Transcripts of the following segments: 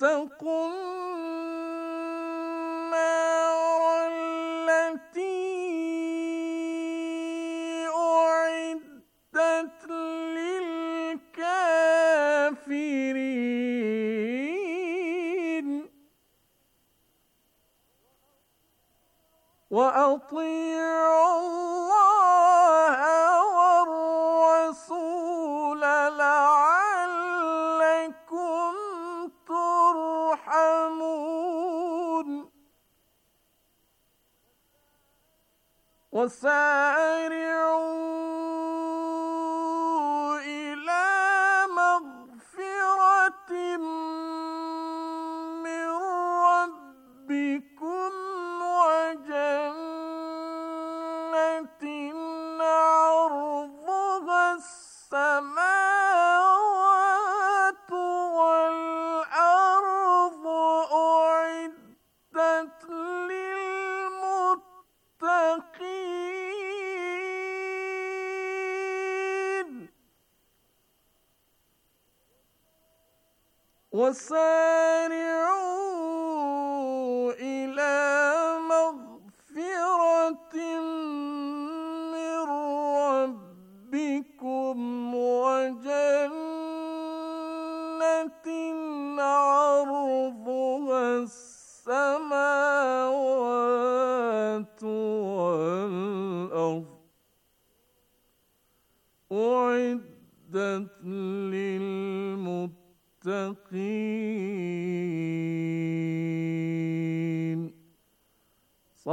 打工。وسارع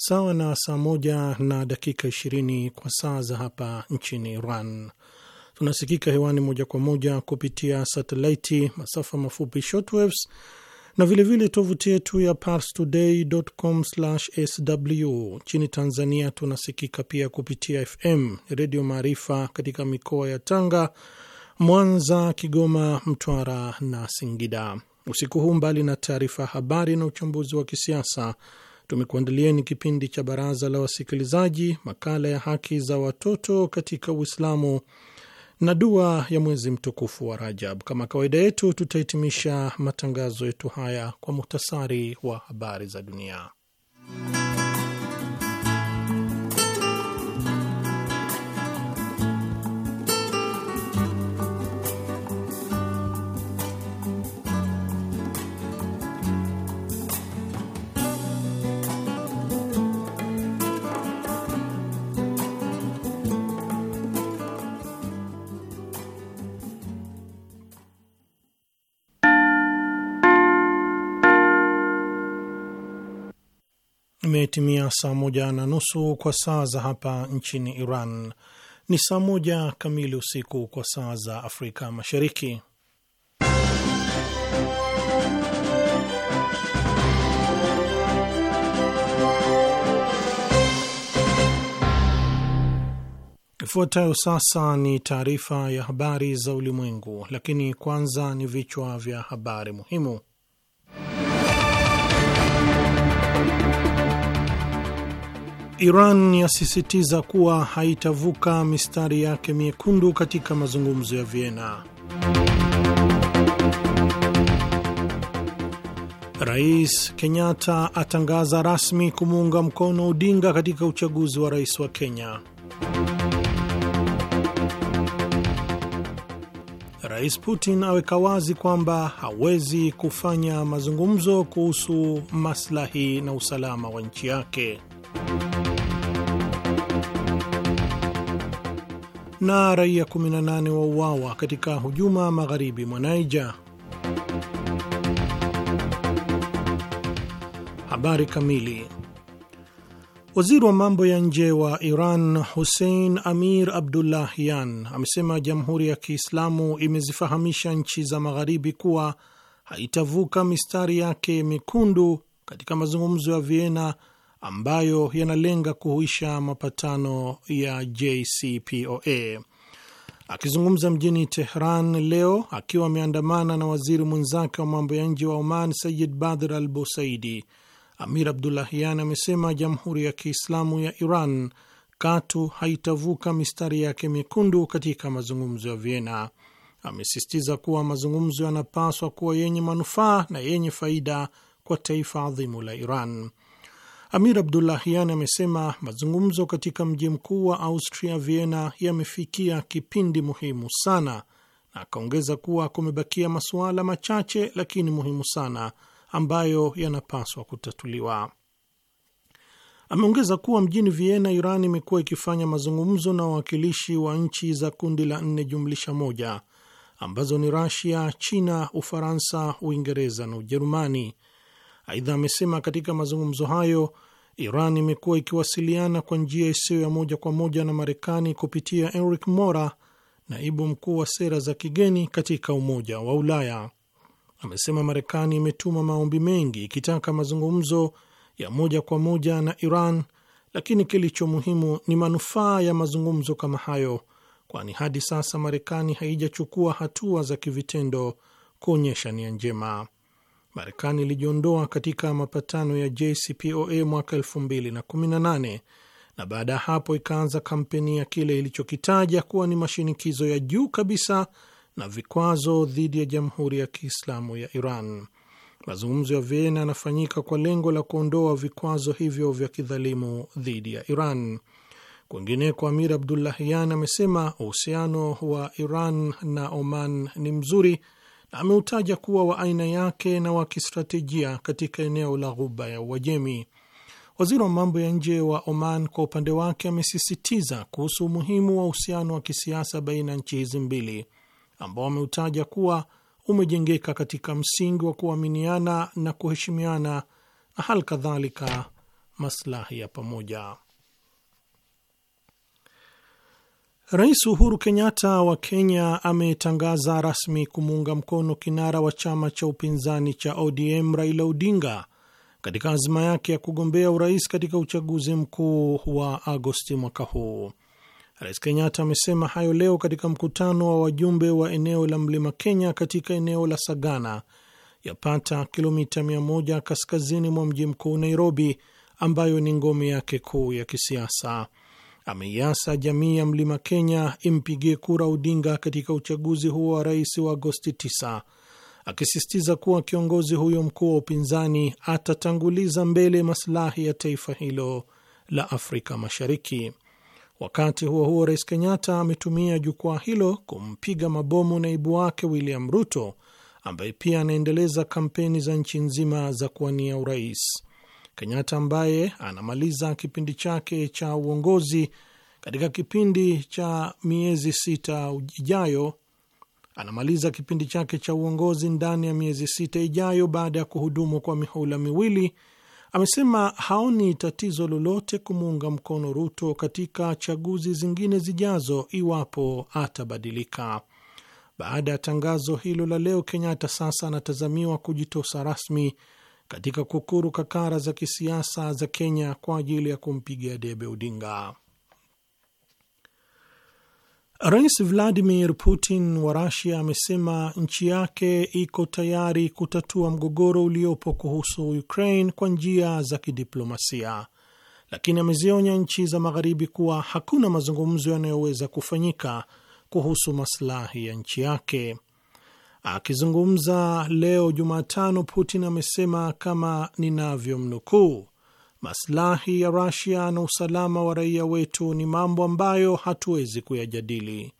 sawa na saa moja na dakika ishirini kwa saa za hapa nchini Iran. Tunasikika hewani moja kwa moja kupitia satelaiti, masafa mafupi shortwaves na vilevile tovuti yetu ya parstoday.com/sw. Nchini Tanzania tunasikika pia kupitia FM Redio Maarifa katika mikoa ya Tanga, Mwanza, Kigoma, Mtwara na Singida. Usiku huu, mbali na taarifa ya habari na uchambuzi wa kisiasa tumekuandalieni kipindi cha Baraza la Wasikilizaji, makala ya haki za watoto katika Uislamu na dua ya mwezi mtukufu wa Rajab. Kama kawaida yetu, tutahitimisha matangazo yetu haya kwa muhtasari wa habari za dunia. Imetimia saa moja na nusu kwa saa za hapa nchini Iran, ni saa moja kamili usiku kwa saa za Afrika Mashariki. Ifuatayo sasa ni taarifa ya habari za ulimwengu, lakini kwanza ni vichwa vya habari muhimu. Iran yasisitiza kuwa haitavuka mistari yake miekundu katika mazungumzo ya Vienna. Rais Kenyatta atangaza rasmi kumuunga mkono Odinga katika uchaguzi wa rais wa Kenya. Rais Putin aweka wazi kwamba hawezi kufanya mazungumzo kuhusu maslahi na usalama wa nchi yake. na raia 18 wa uawa katika hujuma magharibi mwa Naija. Habari kamili. Waziri wa mambo ya nje wa Iran Hussein Amir Abdullahian amesema Jamhuri ya Kiislamu imezifahamisha nchi za magharibi kuwa haitavuka mistari yake mekundu katika mazungumzo ya Vienna ambayo yanalenga kuhuisha mapatano ya JCPOA. Akizungumza mjini Tehran leo akiwa ameandamana na waziri mwenzake wa mambo ya nje wa Oman Sayid Badr al Busaidi, Amir Abdulahian amesema Jamhuri ya Kiislamu ya Iran katu haitavuka mistari yake mekundu katika mazungumzo ya Vienna. Amesisitiza kuwa mazungumzo yanapaswa kuwa yenye manufaa na yenye faida kwa taifa adhimu la Iran. Amir Abdullahian amesema mazungumzo katika mji mkuu wa Austria, Vienna, yamefikia kipindi muhimu sana, na akaongeza kuwa kumebakia masuala machache lakini muhimu sana ambayo yanapaswa kutatuliwa. Ameongeza kuwa mjini Vienna, Iran imekuwa ikifanya mazungumzo na wawakilishi wa nchi za kundi la nne jumlisha moja ambazo ni Rasia, China, Ufaransa, Uingereza na Ujerumani Aidha, amesema katika mazungumzo hayo Iran imekuwa ikiwasiliana kwa njia isiyo ya moja kwa moja na Marekani kupitia eric Mora, naibu mkuu wa sera za kigeni katika Umoja wa Ulaya. Amesema Marekani imetuma maombi mengi ikitaka mazungumzo ya moja kwa moja na Iran, lakini kilicho muhimu ni manufaa ya mazungumzo kama hayo, kwani hadi sasa Marekani haijachukua hatua za kivitendo kuonyesha nia njema. Marekani ilijiondoa katika mapatano ya JCPOA mwaka 2018 na baada ya hapo ikaanza kampeni ya kile ilichokitaja kuwa ni mashinikizo ya juu kabisa na vikwazo dhidi ya Jamhuri ya Kiislamu ya Iran. Mazungumzo ya Vienna yanafanyika kwa lengo la kuondoa vikwazo hivyo vya kidhalimu dhidi ya Iran. Kwingineko, Amir Abdullahian amesema uhusiano wa Iran na Oman ni mzuri ameutaja kuwa wa aina yake na wa kistratejia katika eneo la Ghuba ya Uajemi. Waziri wa mambo ya nje wa Oman kwa upande wake amesisitiza kuhusu umuhimu wa uhusiano wa kisiasa baina ya nchi hizi mbili ambao ameutaja kuwa umejengeka katika msingi wa kuaminiana na kuheshimiana na hali kadhalika maslahi ya pamoja. Rais Uhuru Kenyatta wa Kenya ametangaza rasmi kumuunga mkono kinara wa chama cha upinzani cha ODM Raila Odinga katika azma yake ya kugombea urais katika uchaguzi mkuu wa Agosti mwaka huu. Rais Kenyatta amesema hayo leo katika mkutano wa wajumbe wa eneo la Mlima Kenya katika eneo la Sagana, yapata kilomita 1 kaskazini mwa mji mkuu Nairobi, ambayo ni ngome yake kuu ya kisiasa ameiasa jamii ya mlima Kenya impigie kura Odinga katika uchaguzi huo wa rais wa Agosti 9 akisisitiza kuwa kiongozi huyo mkuu wa upinzani atatanguliza mbele masilahi ya taifa hilo la Afrika Mashariki. Wakati huo huo, Rais Kenyatta ametumia jukwaa hilo kumpiga mabomu naibu wake William Ruto ambaye pia anaendeleza kampeni za nchi nzima za kuwania urais. Kenyatta ambaye anamaliza kipindi chake cha uongozi katika kipindi cha miezi sita ijayo anamaliza kipindi chake cha uongozi ndani ya miezi sita ijayo baada ya kuhudumu kwa mihula miwili, amesema haoni tatizo lolote kumuunga mkono Ruto katika chaguzi zingine zijazo iwapo atabadilika. Baada ya tangazo hilo la leo, Kenyatta sasa anatazamiwa kujitosa rasmi katika kukuru kakara za kisiasa za Kenya kwa ajili ya kumpigia debe Odinga. Rais Vladimir Putin wa Rasia amesema nchi yake iko tayari kutatua mgogoro uliopo kuhusu Ukraine kwa njia za kidiplomasia, lakini amezionya nchi za Magharibi kuwa hakuna mazungumzo yanayoweza kufanyika kuhusu maslahi ya nchi yake. Akizungumza leo Jumatano, Putin amesema kama ninavyomnukuu, maslahi ya Rasia na usalama wa raia wetu ni mambo ambayo hatuwezi kuyajadili.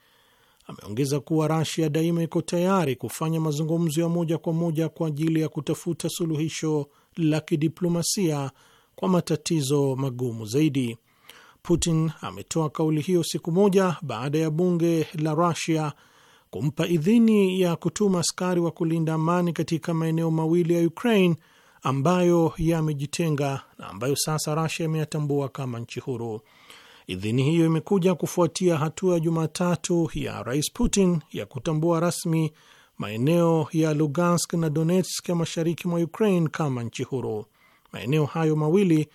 Ameongeza kuwa Rasia daima iko tayari kufanya mazungumzo ya moja kwa moja kwa ajili ya kutafuta suluhisho la kidiplomasia kwa matatizo magumu zaidi. Putin ametoa kauli hiyo siku moja baada ya bunge la Rasia kumpa idhini ya kutuma askari wa kulinda amani katika maeneo mawili ya Ukraine ambayo yamejitenga na ambayo sasa rasha imeyatambua kama nchi huru. Idhini hiyo imekuja kufuatia hatua ya Jumatatu ya Rais Putin ya kutambua rasmi maeneo ya Lugansk na Donetsk ya mashariki mwa Ukraine kama nchi huru. Maeneo hayo mawili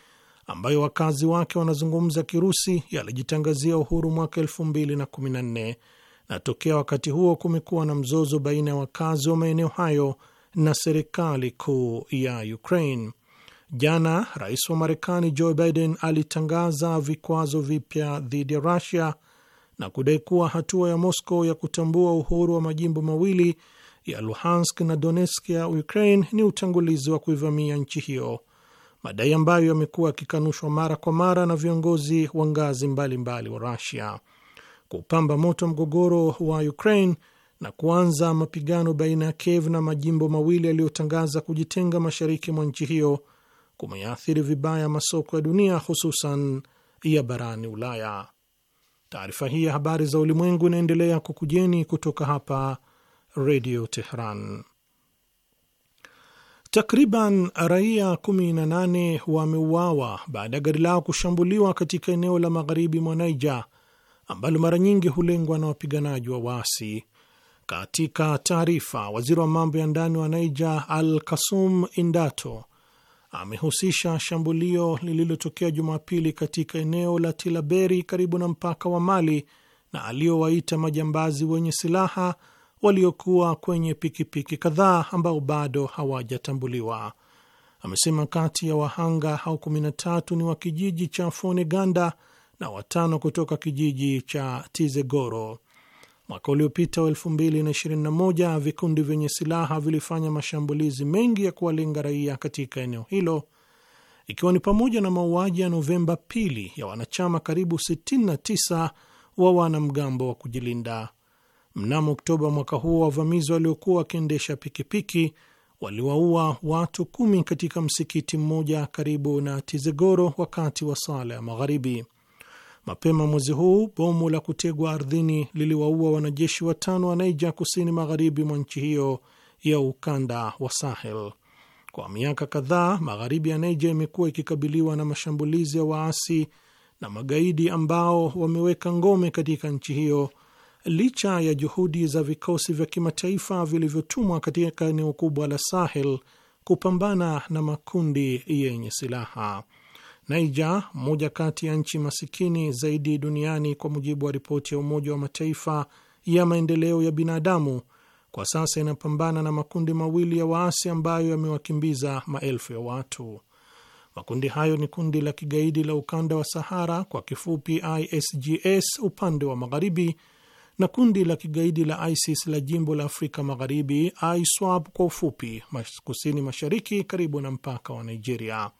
ambayo wakazi wake wanazungumza Kirusi yalijitangazia uhuru mwaka elfu mbili na kumi na nne na tokea wakati huo kumekuwa na mzozo baina ya wakazi wa maeneo hayo na serikali kuu ya Ukraine. Jana rais wa Marekani Joe Biden alitangaza vikwazo vipya dhidi ya Rusia na kudai kuwa hatua ya Moscow ya kutambua uhuru wa majimbo mawili ya Luhansk na Donetsk ya Ukraine ni utangulizi wa kuivamia nchi hiyo, madai ambayo yamekuwa yakikanushwa mara kwa mara na viongozi wa ngazi mbalimbali wa Rusia kupamba moto mgogoro wa Ukraine na kuanza mapigano baina ya Kiev na majimbo mawili yaliyotangaza kujitenga mashariki mwa nchi hiyo kumeathiri vibaya masoko ya dunia, hususan ya barani Ulaya. Taarifa hii ya habari za ulimwengu inaendelea kukujeni kutoka hapa Redio Tehran. Takriban raia 18 wameuawa baada ya gari lao kushambuliwa katika eneo la magharibi mwa Niger ambalo mara nyingi hulengwa na wapiganaji wa waasi. Katika taarifa, waziri wa mambo ya ndani wa naija Al Kasum Indato amehusisha shambulio lililotokea Jumapili katika eneo la Tilaberi karibu na mpaka wa Mali na aliowaita majambazi wenye silaha waliokuwa kwenye pikipiki kadhaa ambao bado hawajatambuliwa. Amesema kati ya wahanga hao 13 ni wa kijiji cha Foneganda na watano kutoka kijiji cha Tizegoro. Mwaka uliopita wa moja, vikundi vyenye silaha vilifanya mashambulizi mengi ya kuwalenga raia katika eneo hilo ikiwa ni pamoja na mauaji ya Novemba pili ya wanachama karibu 69 wa wanamgambo wa kujilinda. Mnamo Oktoba mwaka huo, wavamizi waliokuwa wakiendesha pikipiki waliwaua watu kumi katika msikiti mmoja karibu na Tizegoro wakati wa sala ya magharibi. Mapema mwezi huu bomu la kutegwa ardhini liliwaua wanajeshi watano wa Naija kusini magharibi mwa nchi hiyo ya ukanda wa Sahel. Kwa miaka kadhaa, magharibi ya Naija imekuwa ikikabiliwa na mashambulizi ya waasi na magaidi ambao wameweka ngome katika nchi hiyo licha ya juhudi za vikosi vya kimataifa vilivyotumwa katika eneo kubwa la Sahel kupambana na makundi yenye silaha. Naija, moja kati ya nchi masikini zaidi duniani kwa mujibu wa ripoti ya Umoja wa Mataifa ya maendeleo ya binadamu, kwa sasa inapambana na makundi mawili ya waasi ambayo yamewakimbiza maelfu ya watu. Makundi hayo ni kundi la kigaidi la ukanda wa Sahara, kwa kifupi ISGS upande wa magharibi, na kundi la kigaidi la ISIS la jimbo la Afrika Magharibi, ISWAP kwa ufupi, kusini mashariki karibu na mpaka wa Nigeria.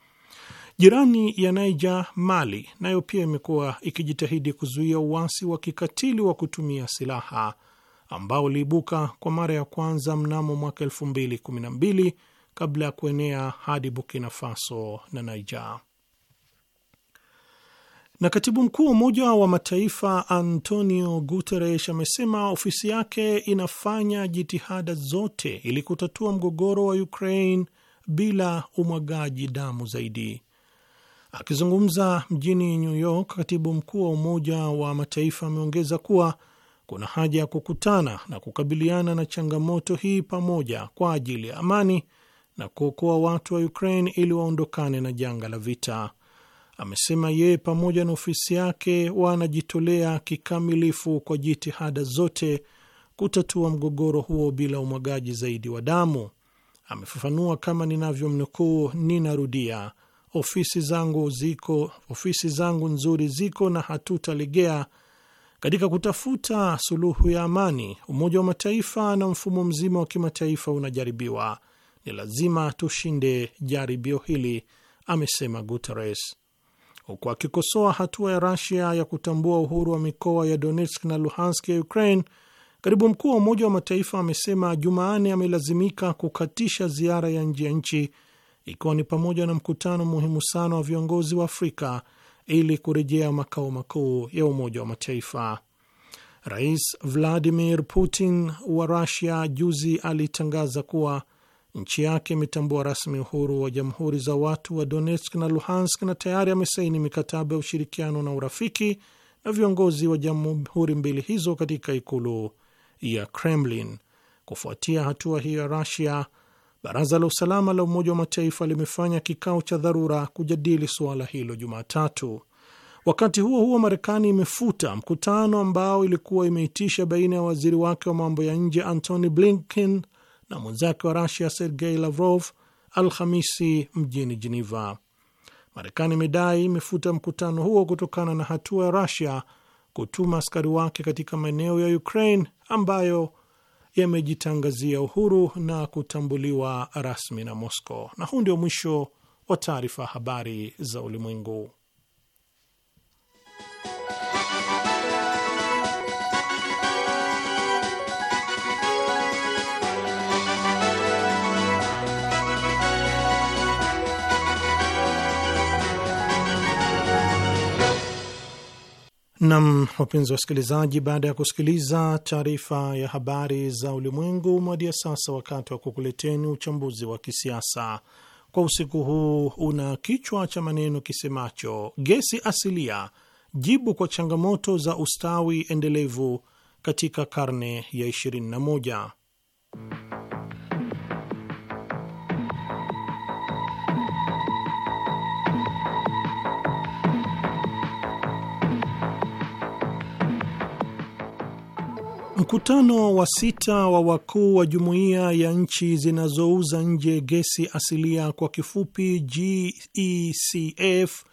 Jirani ya Niger, Mali, nayo pia imekuwa ikijitahidi kuzuia uasi wa kikatili wa kutumia silaha ambao uliibuka kwa mara ya kwanza mnamo mwaka 2012 kabla ya kuenea hadi Burkina Faso na Niger. Na katibu mkuu wa Umoja wa Mataifa Antonio Guterres amesema ofisi yake inafanya jitihada zote ili kutatua mgogoro wa Ukraine bila umwagaji damu zaidi. Akizungumza mjini New York, katibu mkuu wa Umoja wa Mataifa ameongeza kuwa kuna haja ya kukutana na kukabiliana na changamoto hii pamoja kwa ajili ya amani na kuokoa watu wa Ukraine ili waondokane na janga la vita. Amesema yeye pamoja na ofisi yake wanajitolea kikamilifu kwa jitihada zote kutatua mgogoro huo bila umwagaji zaidi wa damu. Amefafanua kama ninavyomnukuu, ninarudia ofisi zangu ziko, ofisi zangu nzuri ziko na hatutalegea katika kutafuta suluhu ya amani. Umoja wa Mataifa na mfumo mzima wa kimataifa unajaribiwa, ni lazima tushinde jaribio hili, amesema Guterres, huku akikosoa hatua ya Rasia ya kutambua uhuru wa mikoa ya Donetsk na Luhansk ya Ukraine. Katibu mkuu wa Umoja wa Mataifa amesema Jumaane amelazimika kukatisha ziara ya nje ya nchi ikiwa ni pamoja na mkutano muhimu sana wa viongozi wa Afrika ili kurejea makao makuu ya Umoja wa Mataifa. Rais Vladimir Putin wa Rusia juzi alitangaza kuwa nchi yake imetambua rasmi uhuru wa jamhuri za watu wa Donetsk na Luhansk na tayari amesaini mikataba ya ushirikiano na urafiki na viongozi wa jamhuri mbili hizo katika ikulu ya Kremlin. Kufuatia hatua hiyo ya Rusia, Baraza la Usalama la Umoja wa Mataifa limefanya kikao cha dharura kujadili suala hilo Jumatatu. Wakati huo huo, Marekani imefuta mkutano ambao ilikuwa imeitisha baina ya waziri wake wa mambo ya nje Antony Blinken na mwenzake wa Rusia Sergei Lavrov Alhamisi mjini Jeneva. Marekani imedai imefuta mkutano huo kutokana na hatua ya Rusia kutuma askari wake katika maeneo ya Ukraine ambayo yamejitangazia uhuru na kutambuliwa rasmi na Moscow. Na huu ndio mwisho wa taarifa habari za ulimwengu. Nam, wapenzi wa wasikilizaji, baada ya kusikiliza taarifa ya habari za ulimwengu, mwadia sasa wakati wa kukuleteni uchambuzi wa kisiasa kwa usiku huu. Una kichwa cha maneno kisemacho gesi asilia, jibu kwa changamoto za ustawi endelevu katika karne ya 21. Mkutano wa sita wa wakuu wa jumuiya ya nchi zinazouza nje gesi asilia kwa kifupi GECF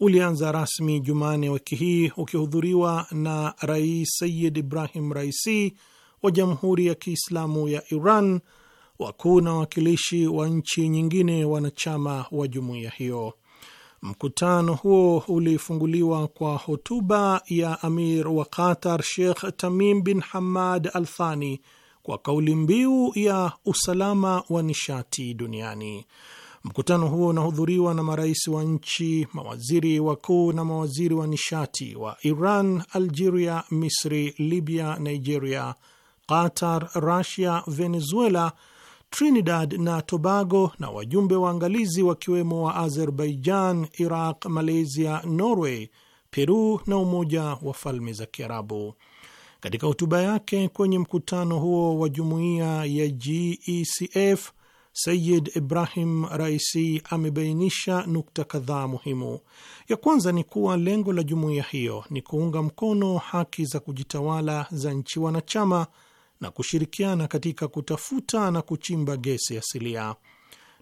ulianza rasmi Jumane wiki hii ukihudhuriwa na Rais Sayid Ibrahim Raisi wa Jamhuri ya Kiislamu ya Iran, wakuu na wawakilishi wa nchi nyingine wanachama wa jumuiya hiyo. Mkutano huo ulifunguliwa kwa hotuba ya amir wa Qatar, Sheikh Tamim bin Hamad Al Thani, kwa kauli mbiu ya usalama wa nishati duniani. Mkutano huo unahudhuriwa na marais wa nchi, mawaziri wakuu na mawaziri wa nishati wa Iran, Algeria, Misri, Libya, Nigeria, Qatar, Russia, Venezuela Trinidad na Tobago na wajumbe waangalizi wakiwemo wa Azerbaijan, Iraq, Malaysia, Norway, Peru na Umoja wa Falme za Kiarabu. Katika hotuba yake kwenye mkutano huo wa jumuiya ya GECF, Sayid Ibrahim Raisi amebainisha nukta kadhaa muhimu. Ya kwanza ni kuwa lengo la jumuiya hiyo ni kuunga mkono haki za kujitawala za nchi wanachama na kushirikiana katika kutafuta na kuchimba gesi asilia.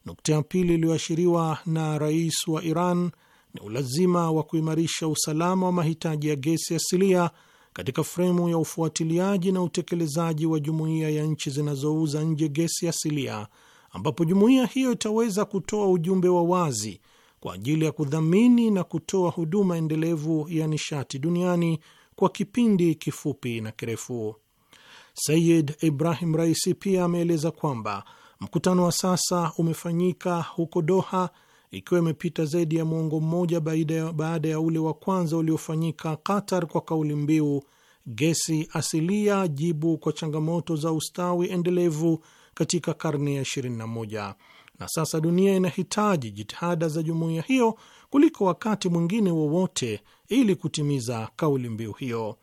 Nukta ya pili iliyoashiriwa na rais wa Iran ni ulazima wa kuimarisha usalama wa mahitaji ya gesi asilia katika fremu ya ufuatiliaji na utekelezaji wa jumuiya ya nchi zinazouza nje gesi asilia, ambapo jumuiya hiyo itaweza kutoa ujumbe wa wazi kwa ajili ya kudhamini na kutoa huduma endelevu ya nishati duniani kwa kipindi kifupi na kirefu. Sayid Ibrahim Raisi pia ameeleza kwamba mkutano wa sasa umefanyika huko Doha ikiwa imepita zaidi ya mwongo mmoja baada ya ule wa kwanza uliofanyika Qatar kwa kauli mbiu gesi asilia, jibu kwa changamoto za ustawi endelevu katika karne ya 21. Na sasa dunia inahitaji jitihada za jumuiya hiyo kuliko wakati mwingine wowote ili kutimiza kauli mbiu hiyo.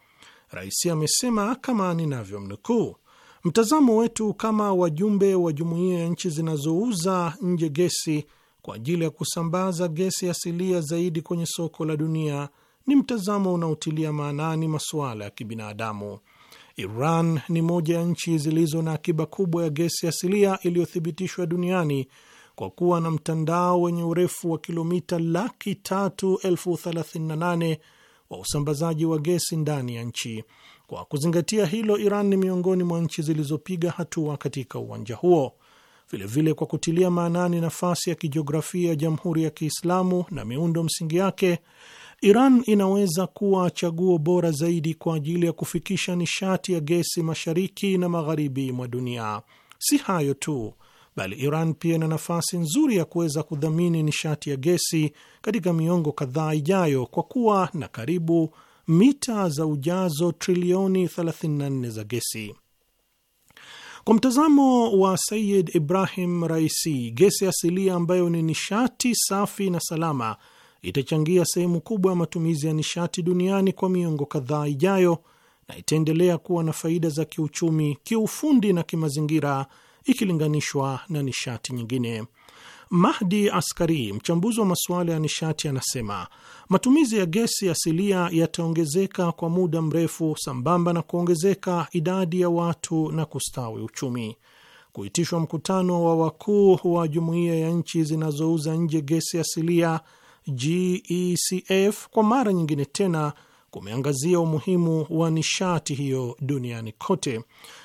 Raisi amesema kama ninavyomnukuu, mtazamo wetu kama wajumbe wa jumuiya ya nchi zinazouza nje gesi kwa ajili ya kusambaza gesi asilia zaidi kwenye soko la dunia ni mtazamo unaotilia maanani masuala ya kibinadamu. Iran ni moja ya nchi zilizo na akiba kubwa ya gesi asilia iliyothibitishwa duniani kwa kuwa na mtandao wenye urefu wa kilomita laki tatu elfu thelathini na nane wa usambazaji wa gesi ndani ya nchi. Kwa kuzingatia hilo, Iran ni miongoni mwa nchi zilizopiga hatua katika uwanja huo. Vilevile vile kwa kutilia maanani nafasi ya kijiografia ya Jamhuri ya Kiislamu na miundo msingi yake, Iran inaweza kuwa chaguo bora zaidi kwa ajili ya kufikisha nishati ya gesi mashariki na magharibi mwa dunia. Si hayo tu, bali Iran pia ina nafasi nzuri ya kuweza kudhamini nishati ya gesi katika miongo kadhaa ijayo kwa kuwa na karibu mita za ujazo trilioni 34 za gesi. Kwa mtazamo wa Sayid Ibrahim Raisi, gesi asilia ambayo ni nishati safi na salama itachangia sehemu kubwa ya matumizi ya nishati duniani kwa miongo kadhaa ijayo na itaendelea kuwa na faida za kiuchumi, kiufundi na kimazingira ikilinganishwa na nishati nyingine. Mahdi Askari, mchambuzi wa masuala ya nishati, anasema matumizi ya gesi asilia yataongezeka kwa muda mrefu sambamba na kuongezeka idadi ya watu na kustawi uchumi. Kuitishwa mkutano wa wakuu wa jumuiya ya nchi zinazouza nje gesi asilia GECF kwa mara nyingine tena kumeangazia umuhimu wa nishati hiyo duniani kote,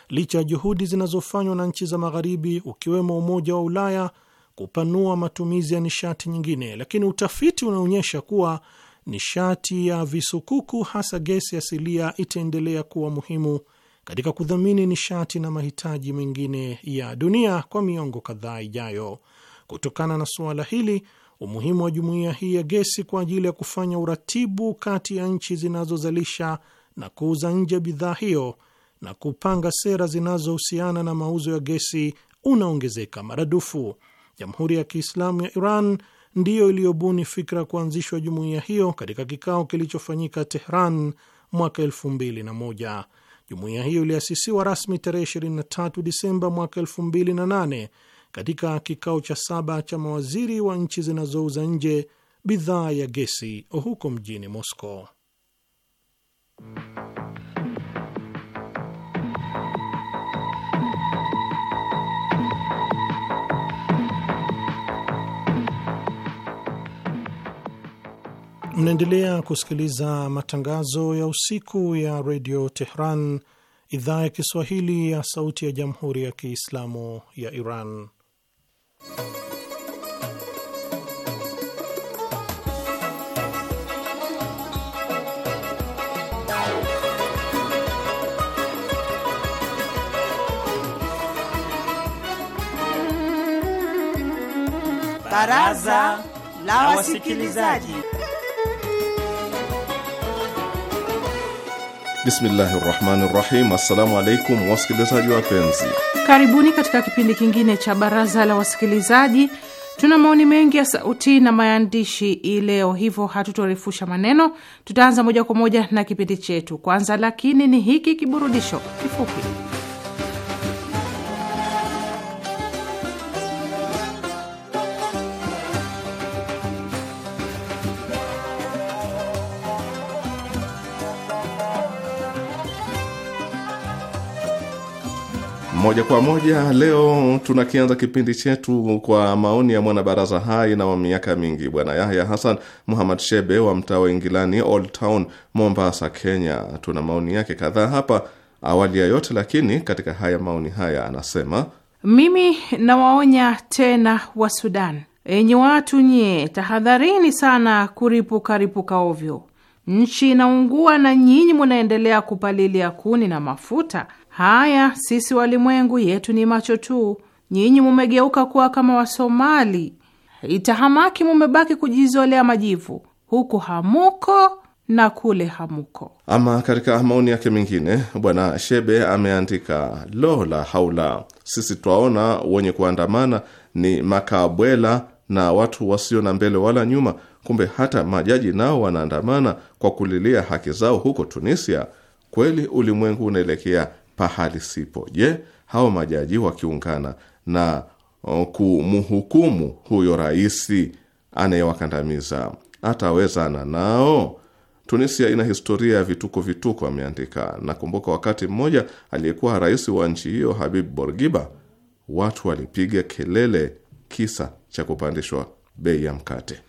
licha ya juhudi zinazofanywa na nchi za Magharibi, ukiwemo Umoja wa Ulaya, kupanua matumizi ya nishati nyingine, lakini utafiti unaonyesha kuwa nishati ya visukuku, hasa gesi asilia, itaendelea kuwa muhimu katika kudhamini nishati na mahitaji mengine ya dunia kwa miongo kadhaa ijayo. Kutokana na suala hili, Umuhimu wa jumuiya hii ya gesi kwa ajili ya kufanya uratibu kati ya nchi zinazozalisha na kuuza nje bidhaa hiyo na kupanga sera zinazohusiana na mauzo ya gesi unaongezeka maradufu. Jamhuri ya Kiislamu ya Iran ndiyo iliyobuni fikra kuanzishwa jumuiya hiyo katika kikao kilichofanyika Tehran mwaka 2001. Jumuiya hiyo iliasisiwa rasmi tarehe 23 Disemba mwaka 2008 katika kikao cha saba cha mawaziri wa nchi zinazouza nje bidhaa ya gesi huko mjini Moscow. Mnaendelea kusikiliza matangazo ya usiku ya redio Tehran, idhaa ya Kiswahili ya sauti ya jamhuri ya kiislamu ya Iran. Baraza la Wasikilizaji. Bismillahi rahmani rahim. Assalamu alaikum wasikilizaji wapenzi, karibuni katika kipindi kingine cha baraza la wasikilizaji. Tuna maoni mengi ya sauti na maandishi ileo, hivyo hatutorefusha maneno, tutaanza moja kwa moja na kipindi chetu. Kwanza lakini ni hiki kiburudisho kifupi. moja kwa moja. Leo tunakianza kipindi chetu kwa maoni ya mwanabaraza hai na wa miaka mingi, Bwana Yahya Hassan Muhammad Shebe wa mtaa wa Ingilani, Old Town, Mombasa, Kenya. Tuna maoni yake kadhaa hapa. Awali ya yote lakini, katika haya maoni haya anasema, mimi nawaonya tena wa Sudan, enyi watu nyie, tahadharini sana ripuka ovyo. Nchi inaungua na nyinyi munaendelea kupalilia kuni na mafuta. Haya, sisi walimwengu yetu ni macho tu, nyinyi mumegeuka kuwa kama Wasomali. Itahamaki mumebaki kujizolea majivu, huku hamuko na kule hamuko. Ama katika maoni yake mengine, Bwana Shebe ameandika lo la haula, sisi twaona wenye kuandamana ni makabwela na watu wasio na mbele wala nyuma. Kumbe hata majaji nao wanaandamana kwa kulilia haki zao huko Tunisia. Kweli ulimwengu unaelekea pahali sipo. Je, hao majaji wakiungana na kumhukumu huyo rais anayewakandamiza atawezana nao? Tunisia ina historia ya vituko vituko, ameandika. Nakumbuka wakati mmoja aliyekuwa rais wa nchi hiyo Habib Bourguiba, watu walipiga kelele kisa cha kupandishwa bei ya mkate.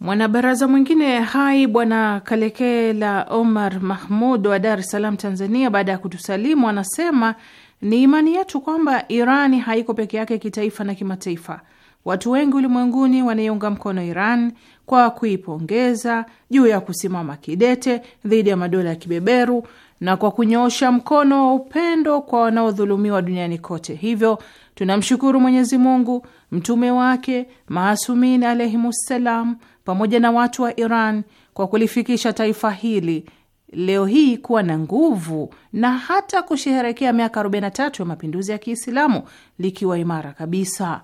Mwanabaraza mwingine hai Bwana Kalekela Omar Mahmud wa Dar es Salaam, Tanzania, baada ya kutusalimu anasema ni imani yetu kwamba Iran haiko peke yake kitaifa na kimataifa. Watu wengi ulimwenguni wanaiunga mkono Iran kwa kuipongeza juu ya kusimama kidete dhidi ya madola ya kibeberu na kwa kunyoosha mkono wa upendo kwa wanaodhulumiwa duniani kote. Hivyo tunamshukuru Mwenyezi Mungu mtume wake Maasumin alaihimussalam pamoja na watu wa Iran kwa kulifikisha taifa hili leo hii kuwa na nguvu na hata kusherehekea miaka 43 ya mapinduzi ya Kiislamu likiwa imara kabisa.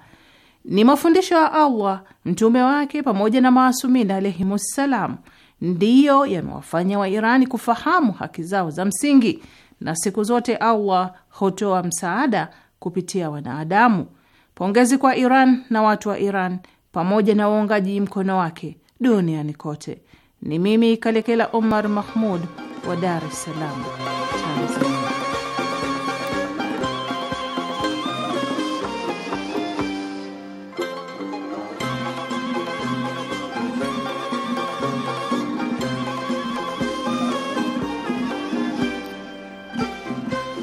Ni mafundisho ya Allah, mtume wake pamoja na Maasumin alaihimussalam ndiyo yamewafanya Wairani kufahamu haki zao za msingi, na siku zote Allah hutoa msaada kupitia wanadamu. Pongezi kwa Iran na watu wa Iran pamoja na waungaji mkono wake duniani kote. Ni mimi Kalekela Omar Mahmud wa Dar es Salaam, Tanzania.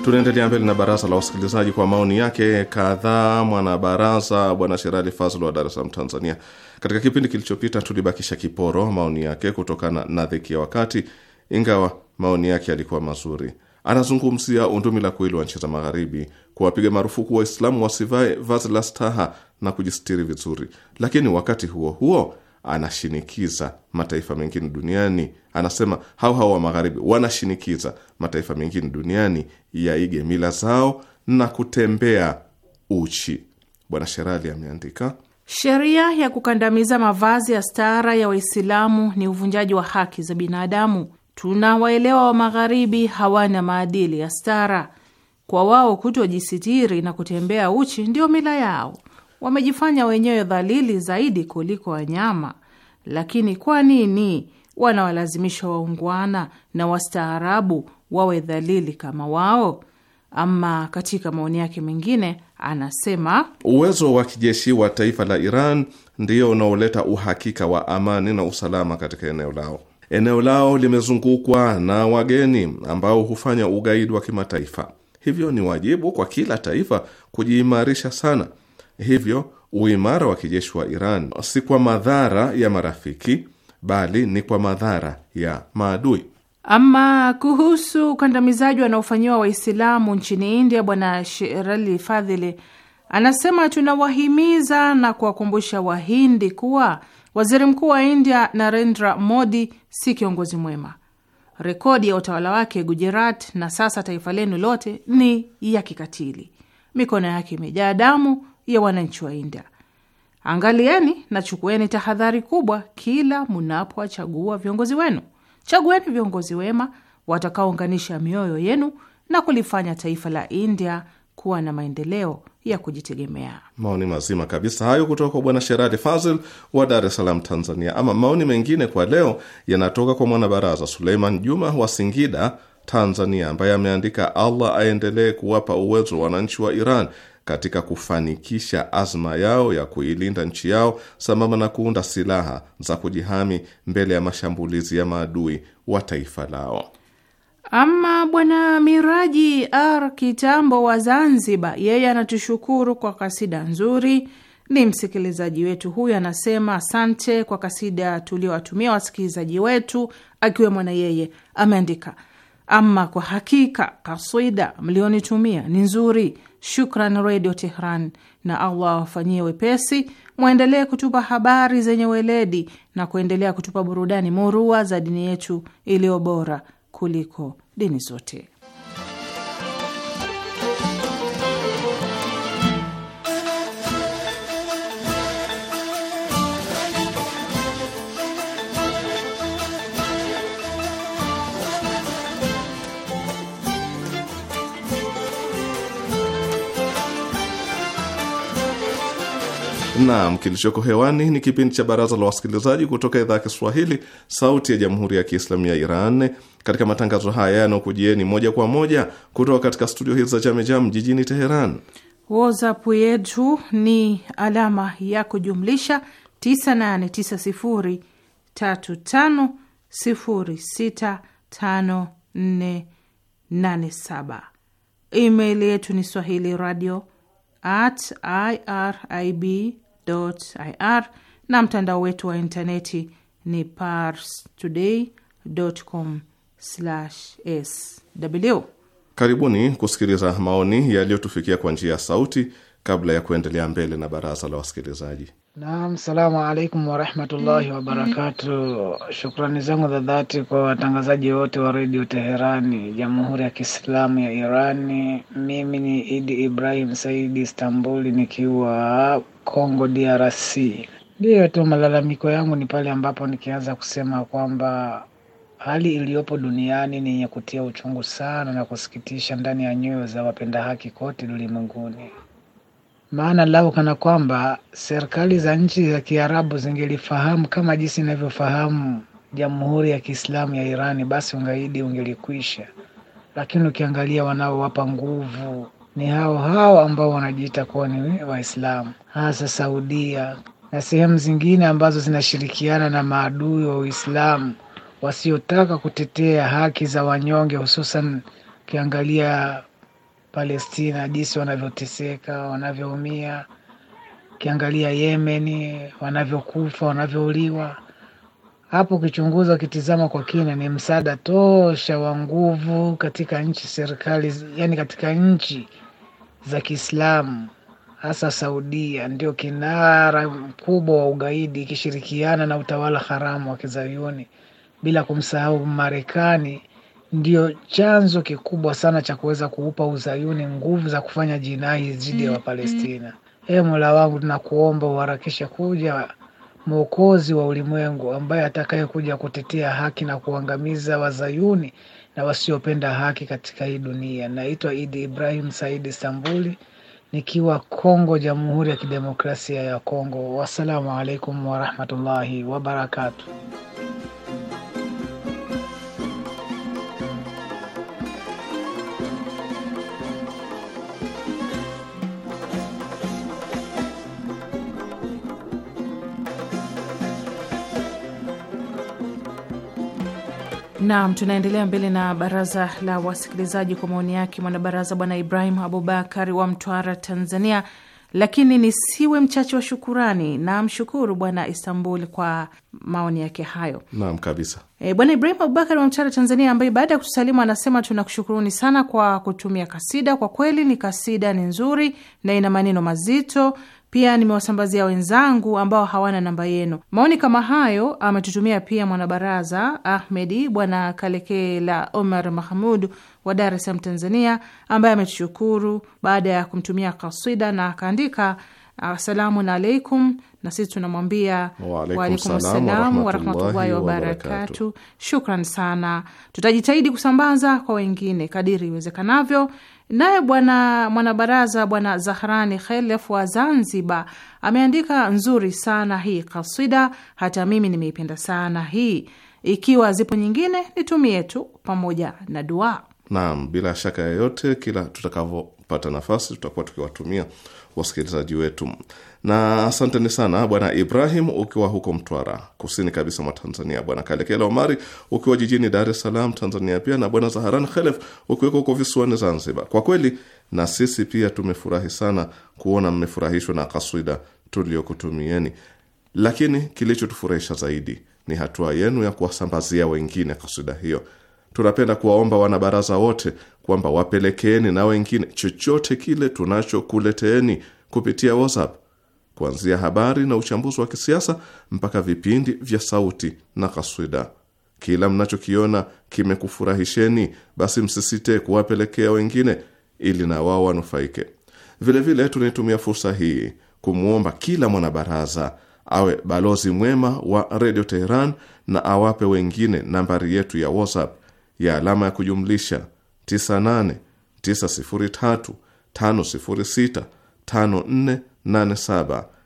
Tunaendelea mbele na baraza la wasikilizaji kwa maoni yake kadhaa. Mwanabaraza Bwana Sherali Fazl wa Dar es Salaam, Tanzania, katika kipindi kilichopita tulibakisha kiporo maoni yake kutokana na dhiki ya wakati, ingawa maoni yake yalikuwa mazuri. Anazungumzia undumi la kuili wa nchi za Magharibi kuwapiga marufuku Waislamu wasivae vazi la staha na kujistiri vizuri, lakini wakati huo huo anashinikiza mataifa mengine duniani Anasema hao hao wa magharibi wanashinikiza mataifa mengine duniani yaige mila zao na kutembea uchi. Bwana Sherali ameandika, sheria ya kukandamiza mavazi ya stara ya Waislamu ni uvunjaji wa haki za binadamu. Tunawaelewa wa magharibi hawana maadili ya stara. Kwa wao kutojisitiri na kutembea uchi ndio mila yao. Wamejifanya wenyewe dhalili zaidi kuliko wanyama. Lakini kwa nini wanawalazimisha waungwana na wastaarabu wawe dhalili kama wao? Ama katika maoni yake mengine anasema uwezo wa kijeshi wa taifa la Iran ndiyo unaoleta uhakika wa amani na usalama katika eneo lao. Eneo lao limezungukwa na wageni ambao hufanya ugaidi wa kimataifa, hivyo ni wajibu kwa kila taifa kujiimarisha sana. Hivyo uimara wa kijeshi wa Iran si kwa madhara ya marafiki bali ni kwa madhara ya maadui. Ama kuhusu ukandamizaji wanaofanyiwa Waislamu nchini India, Bwana Sherali Fadhili anasema tunawahimiza na kuwakumbusha Wahindi kuwa waziri mkuu wa India Narendra Modi si kiongozi mwema. Rekodi ya utawala wake Gujarat na sasa taifa lenu lote ni ya kikatili. Mikono yake imejaa damu ya wananchi wa India. Angalieni na chukueni tahadhari kubwa kila mnapowachagua viongozi wenu. Chagueni viongozi wema watakaounganisha mioyo yenu na kulifanya taifa la India kuwa na maendeleo ya kujitegemea. Maoni mazima kabisa hayo kutoka kwa Bwana Sherali Fazil wa Dar es Salaam, Tanzania. Ama maoni mengine kwa leo yanatoka kwa mwanabaraza Suleiman Juma wa Singida, Tanzania, ambaye ameandika, Allah aendelee kuwapa uwezo wananchi wa Iran katika kufanikisha azma yao ya kuilinda nchi yao sambamba na kuunda silaha za kujihami mbele ya mashambulizi ya maadui wa taifa lao. Ama Bwana Miraji R Kitambo wa Zanzibar, yeye anatushukuru kwa kasida nzuri. Ni msikilizaji wetu huyu, anasema asante kwa kasida tuliowatumia wasikilizaji wetu, akiwemo na yeye. Ameandika, ama kwa hakika kasida mlionitumia ni nzuri Shukran Redio Tehran, na Allah awafanyie wepesi. Mwendelee kutupa habari zenye weledi na kuendelea kutupa burudani murua za dini yetu iliyo bora kuliko dini zote. Naam, kilichoko hewani ni kipindi cha Baraza la Wasikilizaji kutoka idhaa ya Kiswahili, Sauti ya Jamhuri ya Kiislamu ya Iran. Katika matangazo haya yanaokujieni moja kwa moja kutoka katika studio hizi za Jamejam jijini Teheran. WhatsApp yetu ni alama ya kujumlisha 989035065487. Email yetu ni swahili radio at irib ir na mtandao wetu wa intaneti ni pars sw. Karibuni kusikiliza maoni yaliyotufikia kwa njia ya sauti kabla ya kuendelea mbele na baraza la wasikilizaji. Naam, salamu alaikum warahmatullahi wabarakatu. Shukrani zangu za dhati kwa watangazaji wote wa redio Teherani, jamhuri ya kiislamu ya Irani. Mimi ni Idi Ibrahim Saidi Istanbuli, nikiwa Congo DRC. Ndiyo tu malalamiko yangu ni pale ambapo nikianza kusema kwamba hali iliyopo duniani ni yenye kutia uchungu sana na kusikitisha ndani ya nyoyo za wapenda haki kote ulimwenguni. Maana lau kana kwamba serikali za nchi za Kiarabu zingelifahamu kama jinsi inavyofahamu Jamhuri ya Kiislamu ya Irani, basi ungaidi ungelikwisha. Lakini ukiangalia wanaowapa nguvu ni hao hao ambao wanajiita kuwa ni Waislamu, hasa Saudia na sehemu zingine ambazo zinashirikiana na maadui wa Uislamu wasiotaka kutetea haki za wanyonge, hususan ukiangalia Palestina jinsi wanavyoteseka, wanavyoumia, ukiangalia Yemeni wanavyokufa, wanavyouliwa. Hapo ukichunguza, ukitizama kwa kina, ni msaada tosha wa nguvu katika nchi serikali, yani katika nchi za Kiislamu hasa Saudia ndio kinara mkubwa wa ugaidi ikishirikiana na utawala haramu wa Kizayuni, bila kumsahau Marekani ndio chanzo kikubwa sana cha kuweza kuupa uzayuni nguvu za kufanya jinai dhidi ya mm-hmm. Wapalestina. Ee Mola wangu, tunakuomba uharakishe kuja mwokozi wa ulimwengu ambaye atakayekuja kutetea haki na kuangamiza wazayuni na wasiopenda haki katika hii dunia. Naitwa Idi Ibrahim Said stambuli nikiwa Kongo, Jamhuri ya Kidemokrasia ya Kongo. Wassalamu alaikum warahmatullahi wabarakatuh. Naam, tunaendelea mbele na baraza la wasikilizaji kwa maoni yake mwanabaraza Bwana Ibrahim Abubakari wa Mtwara, Tanzania. Lakini nisiwe mchache wa shukurani, namshukuru Bwana Istanbul kwa maoni yake hayo. Naam kabisa. E, Bwana Ibrahim Abubakar wa Mtwara, Tanzania, ambaye baada ya kutusalimu anasema tunakushukuruni sana kwa kutumia kasida. Kwa kweli ni kasida ni nzuri na ina maneno mazito pia nimewasambazia wenzangu ambao hawana namba yenu. Maoni kama hayo ametutumia pia mwanabaraza Ahmedi Bwana Kalekela Omar Mahmud wa Dar es Salaam, Tanzania, ambaye ametushukuru baada ya kumtumia kaswida na akaandika Assalamu alaikum, na sisi tunamwambia waalaikum salam warahmatullahi wabarakatu. Shukran sana, tutajitahidi kusambaza kwa wengine kadiri iwezekanavyo Naye bwana mwanabaraza bwana Zahrani Khelef wa Zanzibar ameandika nzuri sana hii kasida, hata mimi nimeipenda sana hii. Ikiwa zipo nyingine nitumie tu pamoja na dua. Naam, bila shaka yoyote, kila tutakavyopata nafasi tutakuwa tukiwatumia wasikilizaji wetu, na asanteni sana Bwana Ibrahim ukiwa huko Mtwara, kusini kabisa mwa Tanzania, Bwana Kalekela Omari ukiwa jijini Dar es Salaam, Tanzania pia na Bwana Zaharan Khelef ukiweko huko visiwani Zanzibar. Kwa kweli na sisi pia tumefurahi sana kuona mmefurahishwa na kaswida tuliyokutumieni, lakini kilichotufurahisha zaidi ni hatua yenu ya kuwasambazia wengine kaswida hiyo. Tunapenda kuwaomba wanabaraza wote kwamba wapelekeeni na wengine chochote kile tunachokuleteeni kupitia WhatsApp, kuanzia habari na uchambuzi wa kisiasa mpaka vipindi vya sauti na kaswida. Kila mnachokiona kimekufurahisheni, basi msisite kuwapelekea wengine ili na wao wanufaike. Vilevile tunaitumia fursa hii kumwomba kila mwanabaraza awe balozi mwema wa Redio Teheran na awape wengine nambari yetu ya WhatsApp ya alama ya kujumlisha 989035065487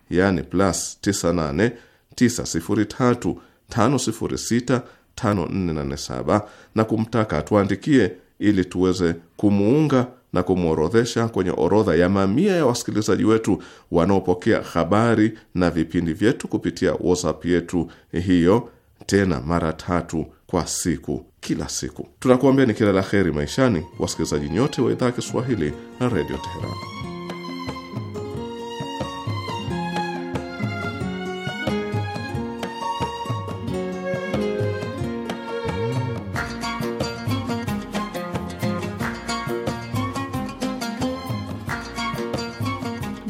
yani plus 989035065487 na kumtaka atuandikie ili tuweze kumuunga na kumworodhesha kwenye orodha ya mamia ya wasikilizaji wetu wanaopokea habari na vipindi vyetu kupitia WhatsApp yetu hiyo tena mara tatu kwa siku kila siku. Tunakuambia ni kila la heri maishani, wasikilizaji nyote wa idhaa ya Kiswahili na Redio Teherani.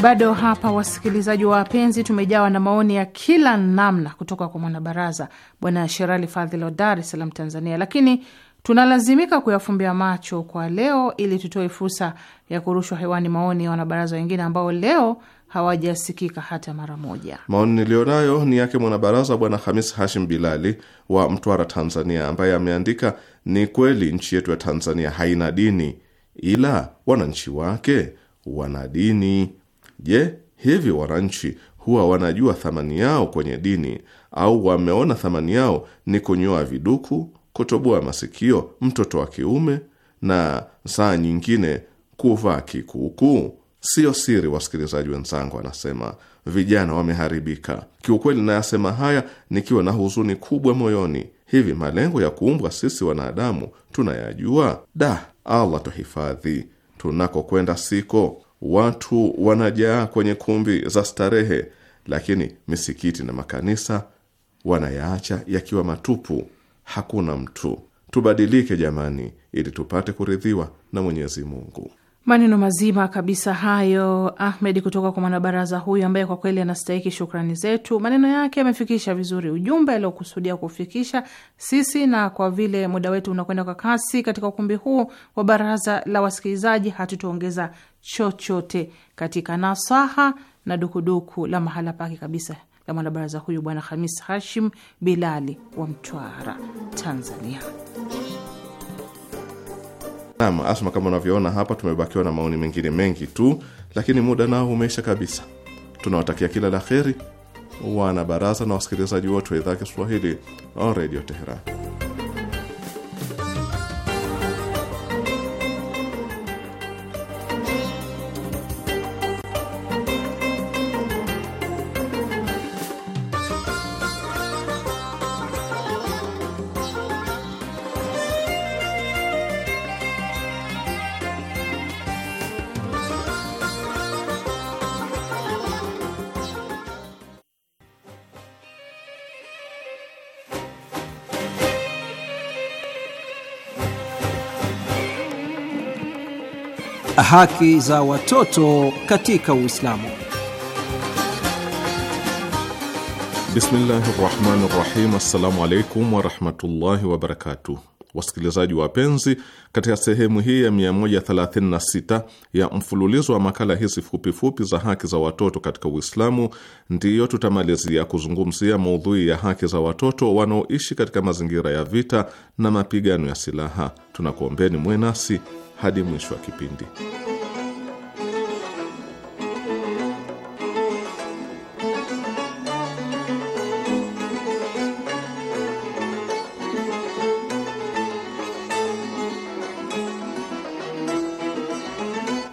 Bado hapa wasikilizaji wa wapenzi, tumejawa na maoni ya kila namna kutoka kwa mwanabaraza Bwana Sherali Fadhil wa Dar es Salaam, Tanzania, lakini tunalazimika kuyafumbia macho kwa leo ili tutoe fursa ya kurushwa hewani maoni ya wanabaraza wengine ambao leo hawajasikika hata mara moja. Maoni niliyonayo ni yake mwanabaraza Bwana Hamis Hashim Bilali wa Mtwara, Tanzania, ambaye ameandika: ni kweli nchi yetu ya Tanzania haina dini, ila wananchi wake wana dini Je, hivi wananchi huwa wanajua thamani yao kwenye dini au wameona thamani yao ni kunyoa viduku, kutoboa masikio mtoto wa kiume na saa nyingine kuvaa kikuukuu? Siyo siri, wasikilizaji wenzangu, anasema vijana wameharibika. Kiukweli nayasema haya nikiwa na huzuni kubwa moyoni. Hivi malengo ya kuumbwa sisi wanadamu tunayajua? Da, Allah tuhifadhi tunakokwenda siko watu wanajaa kwenye kumbi za starehe, lakini misikiti na makanisa wanayaacha yakiwa matupu, hakuna mtu. Tubadilike jamani, ili tupate kuridhiwa na Mwenyezi Mungu. Maneno mazima kabisa hayo, Ahmed, kutoka kwa mwanabaraza huyu ambaye kwa kweli anastahiki shukrani zetu. Maneno yake yamefikisha vizuri ujumbe aliokusudia kufikisha sisi, na kwa vile muda wetu unakwenda kwa kasi katika ukumbi huu wa baraza la wasikilizaji, hatutaongeza chochote katika nasaha na dukuduku la mahala pake kabisa la mwanabaraza huyu Bwana Hamis Hashim Bilali wa Mtwara, Tanzania. Naam, Asma, kama unavyoona hapa tumebakiwa na maoni mengine mengi tu, lakini muda nao umeisha kabisa. Tunawatakia kila la heri wana baraza na wasikilizaji wote wa idhaa ya Kiswahili Redio Teheran. haki za watoto katika Uislamu. Bismillahi rahmani rahim. Assalamu alaikum warahmatullahi wabarakatuh. Wasikilizaji wapenzi, katika sehemu hii ya 136 ya mfululizo wa makala hizi fupifupi za haki za watoto katika Uislamu, ndiyo tutamalizia kuzungumzia maudhui ya haki za watoto wanaoishi katika mazingira ya vita na mapigano ya silaha. Tunakuombeni mwenasi hadi mwisho wa kipindi.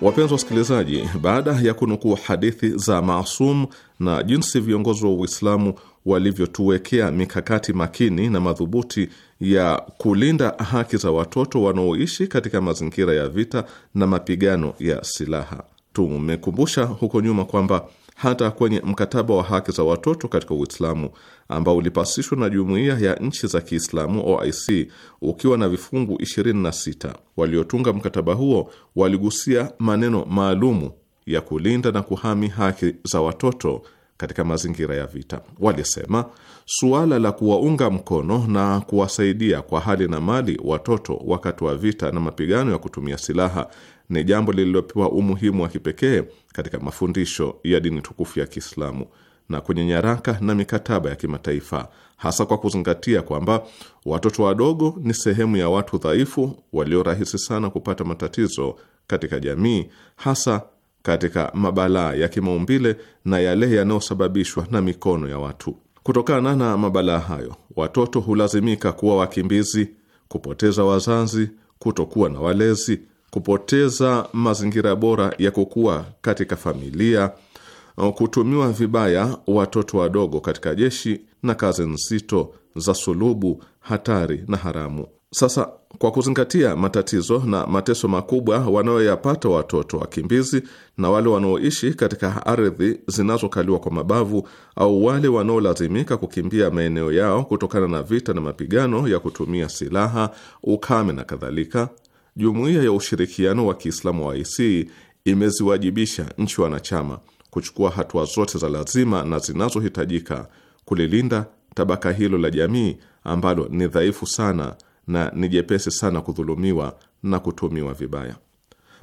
Wapenzi wasikilizaji, baada ya kunukuu hadithi za Maasum na jinsi viongozi wa Uislamu walivyotuwekea mikakati makini na madhubuti ya kulinda haki za watoto wanaoishi katika mazingira ya vita na mapigano ya silaha. Tumekumbusha huko nyuma kwamba hata kwenye mkataba wa haki za watoto katika Uislamu ambao ulipasishwa na Jumuiya ya Nchi za Kiislamu OIC ukiwa na vifungu 26, waliotunga mkataba huo waligusia maneno maalumu ya kulinda na kuhami haki za watoto katika mazingira ya vita. Walisema suala la kuwaunga mkono na kuwasaidia kwa hali na mali watoto wakati wa vita na mapigano ya kutumia silaha ni jambo lililopewa umuhimu wa kipekee katika mafundisho ya dini tukufu ya Kiislamu na kwenye nyaraka na mikataba ya kimataifa, hasa kwa kuzingatia kwamba watoto wadogo ni sehemu ya watu dhaifu walio rahisi sana kupata matatizo katika jamii, hasa katika mabalaa ya kimaumbile na yale yanayosababishwa na mikono ya watu. Kutokana na mabalaa hayo, watoto hulazimika kuwa wakimbizi, kupoteza wazazi, kutokuwa na walezi, kupoteza mazingira bora ya kukua katika familia, kutumiwa vibaya watoto wadogo katika jeshi na kazi nzito za sulubu, hatari na haramu. Sasa kwa kuzingatia matatizo na mateso makubwa wanayoyapata watoto wakimbizi na wale wanaoishi katika ardhi zinazokaliwa kwa mabavu au wale wanaolazimika kukimbia maeneo yao kutokana na vita na mapigano ya kutumia silaha, ukame na kadhalika, Jumuiya ya Ushirikiano wa Kiislamu wa ic imeziwajibisha nchi wanachama kuchukua hatua zote za lazima na zinazohitajika kulilinda tabaka hilo la jamii ambalo ni dhaifu sana na ni jepesi sana kudhulumiwa na kutumiwa vibaya.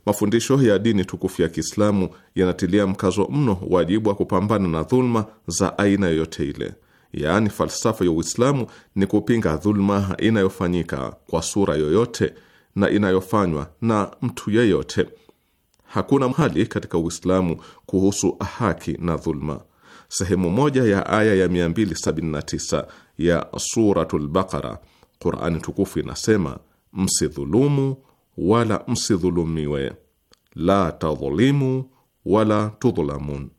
Mafundisho ya dini tukufu ya Kiislamu yanatilia mkazo mno wajibu wa kupambana na dhulma za aina yoyote ile. Yaani, falsafa ya Uislamu ni kupinga dhulma inayofanyika kwa sura yoyote na inayofanywa na mtu yeyote. Hakuna mhali katika Uislamu kuhusu haki na dhulma. Sehemu moja ya aya ya 279 ya Suratul Baqara Qurani tukufu inasema, msidhulumu wala msidhulumiwe, la tadhulimu wala tudhlamun.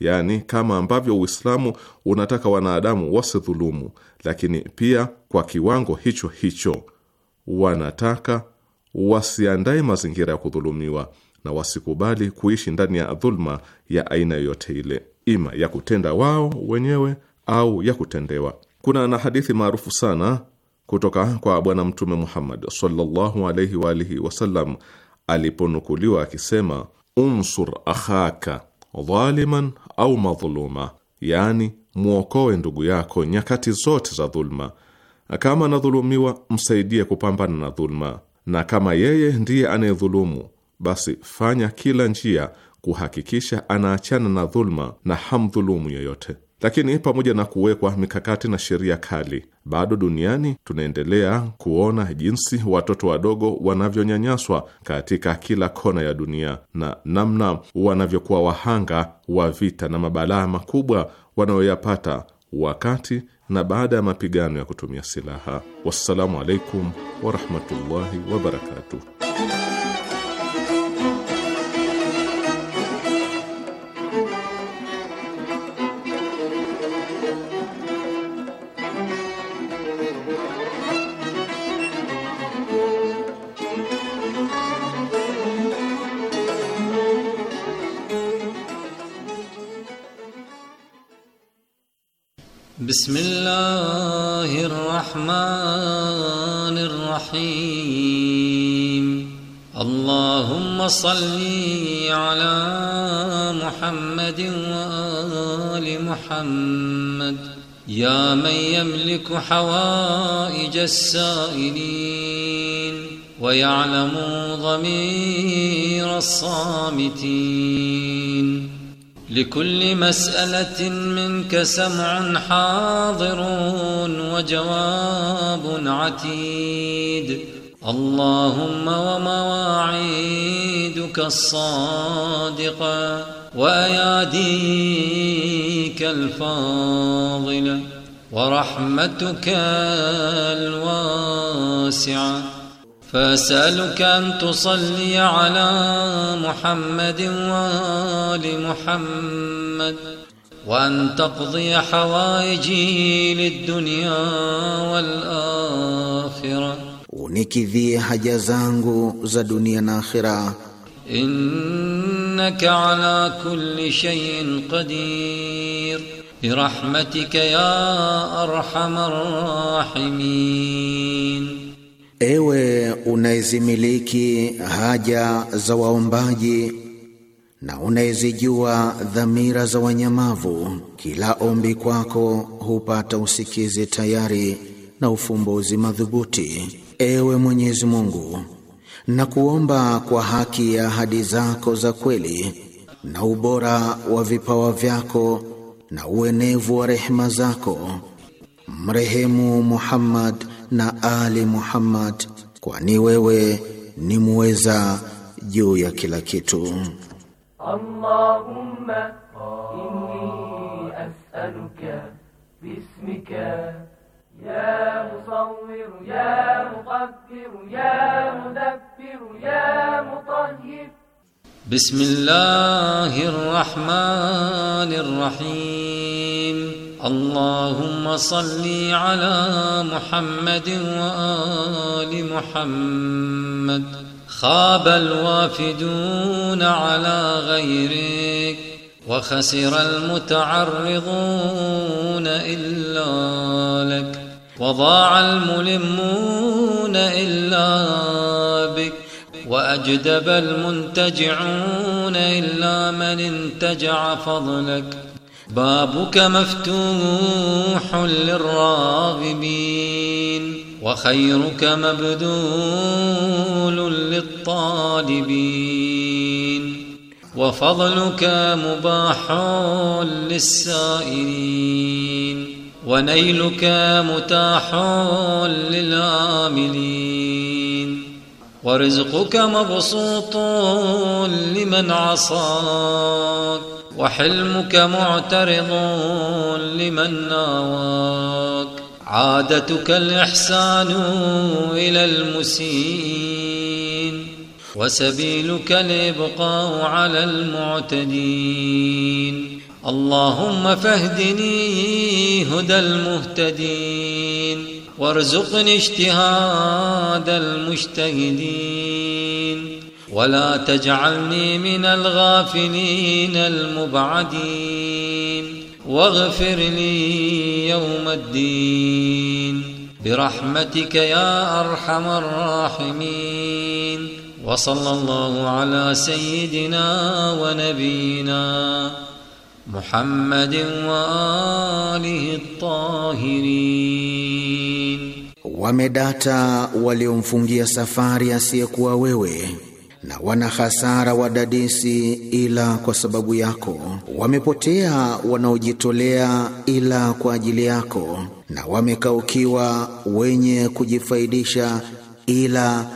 Yaani, kama ambavyo Uislamu unataka wanadamu wasidhulumu, lakini pia kwa kiwango hicho hicho wanataka wasiandae mazingira ya kudhulumiwa na wasikubali kuishi ndani ya dhulma ya aina yoyote ile, ima ya kutenda wao wenyewe au ya kutendewa. Kuna na hadithi maarufu sana kutoka kwa Bwana Mtume Muhammad sallallahu alaihi wa alihi wasallam aliponukuliwa akisema, unsur akhaka dhaliman au madhuluma, yaani mwokoe ndugu yako nyakati zote za dhuluma. Kama anadhulumiwa msaidie kupambana na dhuluma, na kama yeye ndiye anayedhulumu, basi fanya kila njia kuhakikisha anaachana na dhuluma na hamdhulumu yoyote. Lakini pamoja na kuwekwa mikakati na sheria kali, bado duniani tunaendelea kuona jinsi watoto wadogo wanavyonyanyaswa katika kila kona ya dunia na namna wanavyokuwa wahanga wa vita na mabalaa makubwa wanayoyapata wakati na baada ya mapigano ya kutumia silaha. Wassalamu alaikum warahmatullahi wabarakatuh. اللهم صل على محمد وآل محمد يا من يملك حوائج السائلين ويعلم ضمير الصامتين لكل مسألة منك سمع حاضر وجواب عتيد اللهم ومواعيدك الصادقة وأياديك الفاضلة ورحمتك الواسعة فأسألك أن تصلي على محمد وآل محمد وأن تقضي حوائجي للدنيا والآخرة unikidhie haja zangu za dunia na akhira. Innaka ala kulli shay'in qadir rahmatika ya arhamar rahimin, ewe unaezimiliki haja za waombaji na unaezijua dhamira za wanyamavu. Kila ombi kwako hupata usikizi tayari na ufumbuzi madhubuti. Ewe Mwenyezi Mungu, nakuomba kwa haki ya ahadi zako za kweli na ubora wa vipawa vyako na uenevu wa rehema zako, mrehemu Muhammad na Ali Muhammad, kwani wewe ni muweza juu ya kila kitu. Allahumma inni as'aluka bismika يا مصور يا مقدر يا مدبر يا مطهر بسم الله الرحمن الرحيم اللهم صل على محمد وآل محمد خاب الوافدون على غيرك وخسر المتعرضون إلا لك وضاع الملمون إلا بك وأجدب المنتجعون إلا من انتجع فضلك بابك مفتوح للراغبين وخيرك مبذول للطالبين وفضلك مباح للسائلين ونيلك متاح للعاملين ورزقك مبسوط لمن عصاك وحلمك معترض لمن ناواك عادتك الإحسان إلى المسيء وسبيلك الإبقاء على المعتدين اللهم فاهدني هدى المهتدين وارزقني اجتهاد المجتهدين ولا تجعلني من الغافلين المبعدين واغفر لي يوم الدين برحمتك يا أرحم الراحمين وصلى الله على سيدنا ونبينا Muhammad wa alihi tahirin, wamedata waliomfungia safari asiyekuwa wewe na wana hasara wadadisi ila kwa sababu yako, wamepotea wanaojitolea ila kwa ajili yako, na wamekaukiwa wenye kujifaidisha ila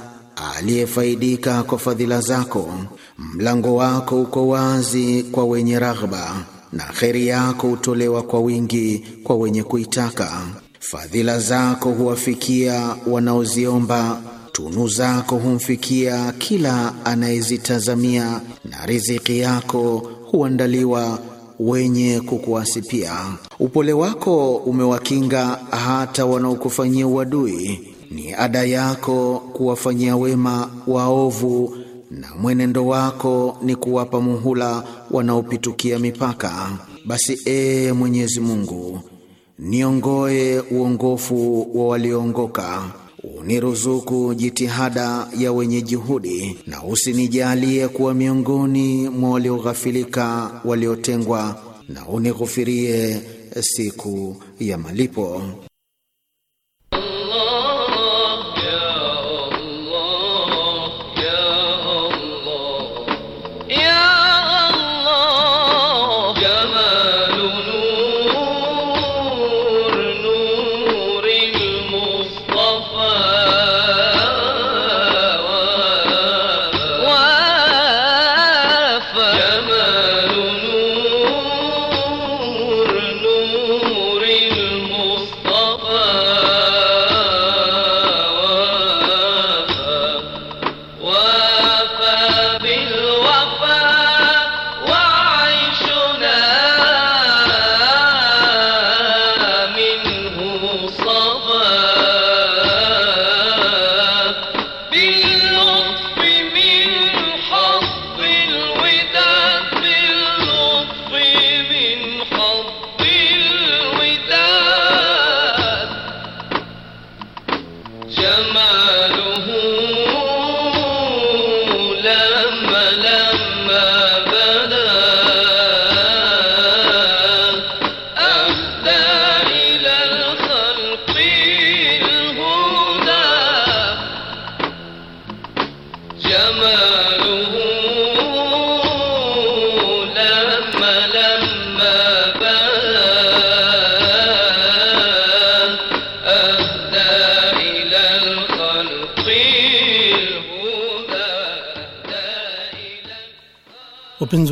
aliyefaidika kwa fadhila zako. Mlango wako uko wazi kwa wenye raghba na kheri yako hutolewa kwa wingi kwa wenye kuitaka. Fadhila zako huwafikia wanaoziomba, tunu zako humfikia kila anayezitazamia, na riziki yako huandaliwa wenye kukuasi. Pia upole wako umewakinga hata wanaokufanyia uadui. Ni ada yako kuwafanyia wema waovu na mwenendo wako ni kuwapa muhula wanaopitukia mipaka. Basi ee Mwenyezi Mungu, niongoe uongofu wa walioongoka, uniruzuku jitihada ya wenye juhudi, na usinijalie kuwa miongoni mwa walioghafilika waliotengwa, na unighufirie siku ya malipo.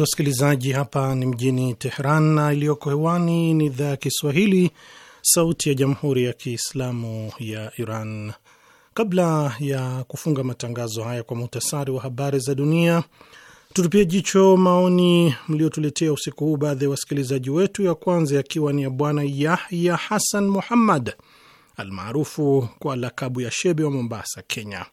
wapenzi wasikilizaji, hapa ni mjini Teheran na iliyoko hewani ni idhaa ya Kiswahili, Sauti ya Jamhuri ya Kiislamu ya Iran. Kabla ya kufunga matangazo haya kwa muhtasari wa habari za dunia, tutupie jicho maoni mliotuletea usiku huu baadhi ya wasikilizaji wetu. Ya kwanza yakiwa ni ya Bwana Yahya Hasan Muhammad almaarufu kwa lakabu ya Shebe wa Mombasa, Kenya.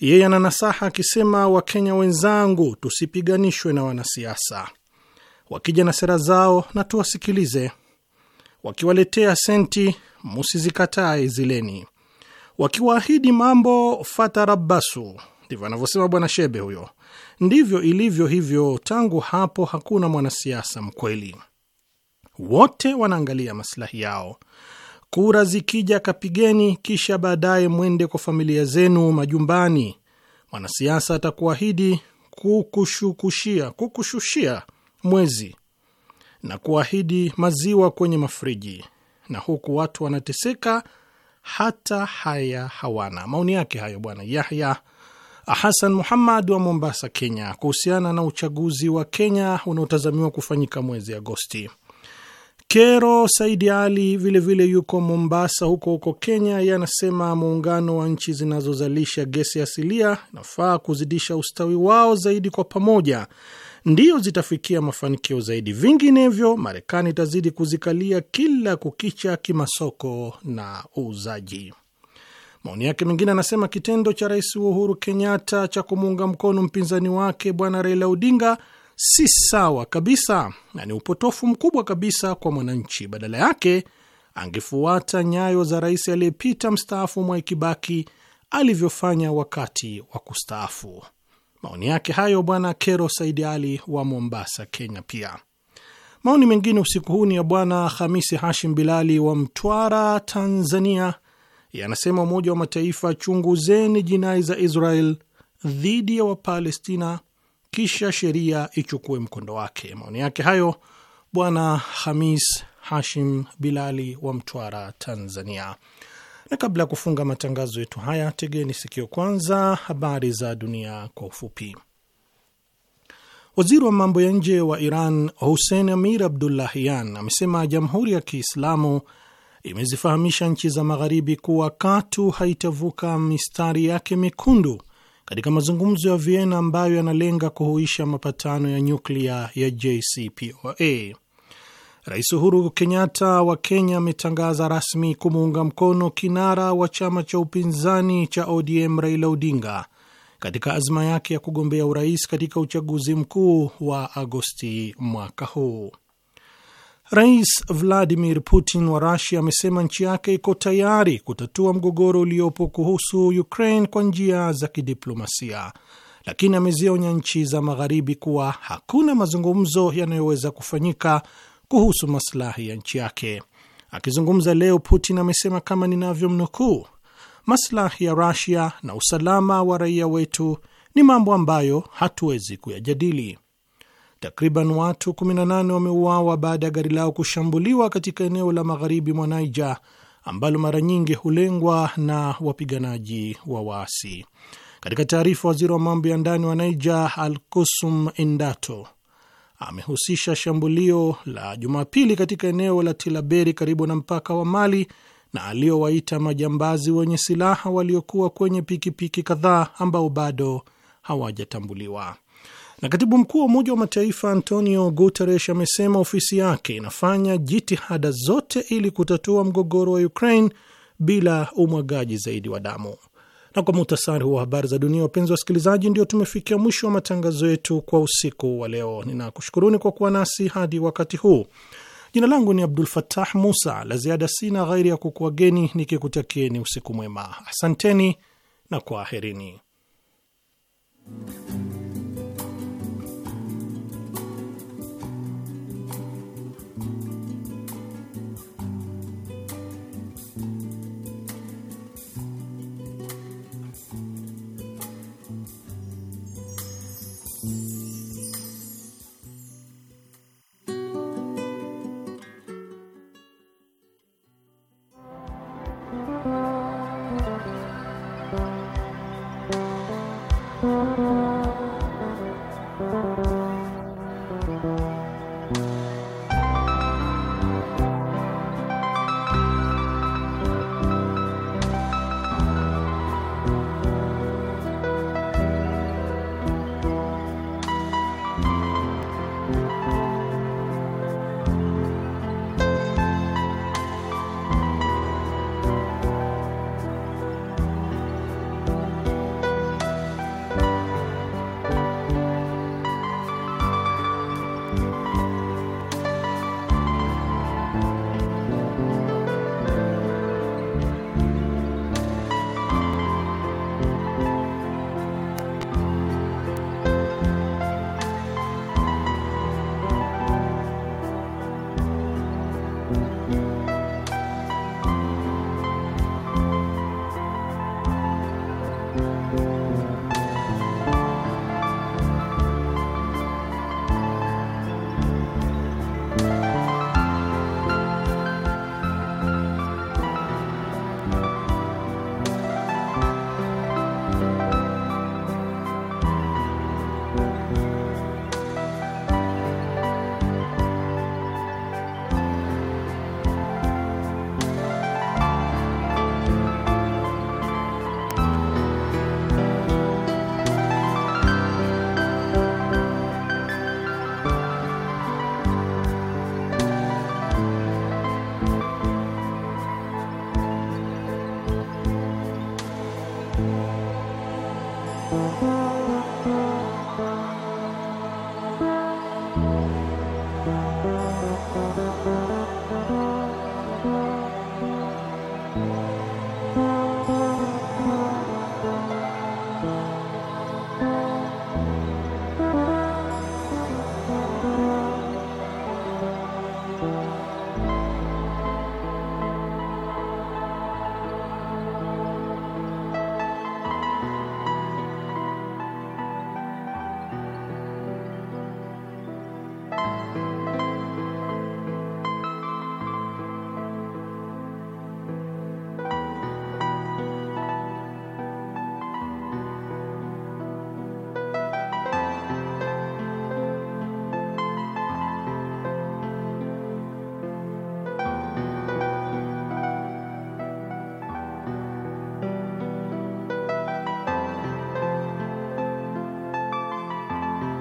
Yeye ana nasaha akisema, Wakenya wenzangu, tusipiganishwe na wanasiasa. Wakija na sera zao na tuwasikilize. Wakiwaletea senti, musizikatae zileni. Wakiwaahidi mambo, fatarabasu. Ndivyo anavyosema Bwana Shebe huyo. Ndivyo ilivyo hivyo, tangu hapo hakuna mwanasiasa mkweli, wote wanaangalia maslahi yao. Kura zikija kapigeni, kisha baadaye mwende kwa familia zenu majumbani. Mwanasiasa atakuahidi kukushukushia kukushushia mwezi na kuahidi maziwa kwenye mafriji, na huku watu wanateseka hata haya hawana. Maoni yake hayo Bwana Yahya Hasan Muhammad wa Mombasa, Kenya, kuhusiana na uchaguzi wa Kenya unaotazamiwa kufanyika mwezi Agosti. Kero Saidi Ali vilevile vile yuko Mombasa huko huko Kenya. ye anasema muungano wa nchi zinazozalisha gesi asilia nafaa kuzidisha ustawi wao zaidi, kwa pamoja ndio zitafikia mafanikio zaidi, vinginevyo Marekani itazidi kuzikalia kila kukicha kimasoko na uuzaji. Maoni yake mengine anasema kitendo cha Rais Uhuru Kenyatta cha kumuunga mkono mpinzani wake Bwana Raila Odinga si sawa kabisa na ni upotofu mkubwa kabisa kwa mwananchi. Badala yake angefuata nyayo za rais aliyepita mstaafu Mwai Kibaki alivyofanya wakati wa kustaafu. Maoni yake hayo Bwana Kero Saidi Ali wa Mombasa, Kenya. Pia maoni mengine usiku huu ni ya Bwana Hamisi Hashim Bilali wa Mtwara, Tanzania. Yanasema, Umoja wa Mataifa, chunguzeni jinai za Israel dhidi ya Wapalestina kisha sheria ichukue mkondo wake. Maoni yake hayo Bwana Hamis Hashim Bilali wa Mtwara, Tanzania. Na kabla ya kufunga matangazo yetu haya, tegeni sikio kwanza habari za dunia kwa ufupi. Waziri wa mambo ya nje wa Iran Hussein Amir Abdullahian amesema Jamhuri ya Kiislamu imezifahamisha nchi za Magharibi kuwa katu haitavuka mistari yake mekundu katika mazungumzo ya Vienna ambayo yanalenga kuhuisha mapatano ya nyuklia ya JCPOA. Rais Uhuru Kenyatta wa Kenya ametangaza rasmi kumuunga mkono kinara wa chama cha upinzani cha ODM Raila Odinga katika azma yake ya kugombea urais katika uchaguzi mkuu wa Agosti mwaka huu. Rais Vladimir Putin wa Rusia amesema nchi yake iko tayari kutatua mgogoro uliopo kuhusu Ukraine kwa njia za kidiplomasia, lakini amezionya nchi za Magharibi kuwa hakuna mazungumzo yanayoweza kufanyika kuhusu masilahi ya nchi yake. Akizungumza leo, Putin amesema kama ninavyomnukuu, maslahi ya Rusia na usalama wa raia wetu ni mambo ambayo hatuwezi kuyajadili. Takriban watu 18 wameuawa baada ya gari lao kushambuliwa katika eneo la magharibi mwa Naija ambalo mara nyingi hulengwa na wapiganaji wa waasi. Katika taarifa, waziri wa mambo ya ndani wa al Alkusum Indato amehusisha shambulio la Jumapili katika eneo la Tilaberi karibu na mpaka wa Mali na aliowaita majambazi wenye silaha waliokuwa kwenye pikipiki kadhaa ambao bado hawajatambuliwa. Na katibu mkuu wa Umoja wa Mataifa Antonio Guterres amesema ofisi yake inafanya jitihada zote ili kutatua mgogoro wa Ukraine bila umwagaji zaidi wa damu. Na kwa muhtasari wa habari za dunia, wapenzi wa wasikilizaji, ndio tumefikia mwisho wa matangazo yetu kwa usiku wa leo. Ninakushukuruni kwa kuwa nasi hadi wakati huu. Jina langu ni Abdul fatah Musa. La ziada sina ghairi ya kukuageni nikikutakieni usiku mwema. Asanteni na kwaherini.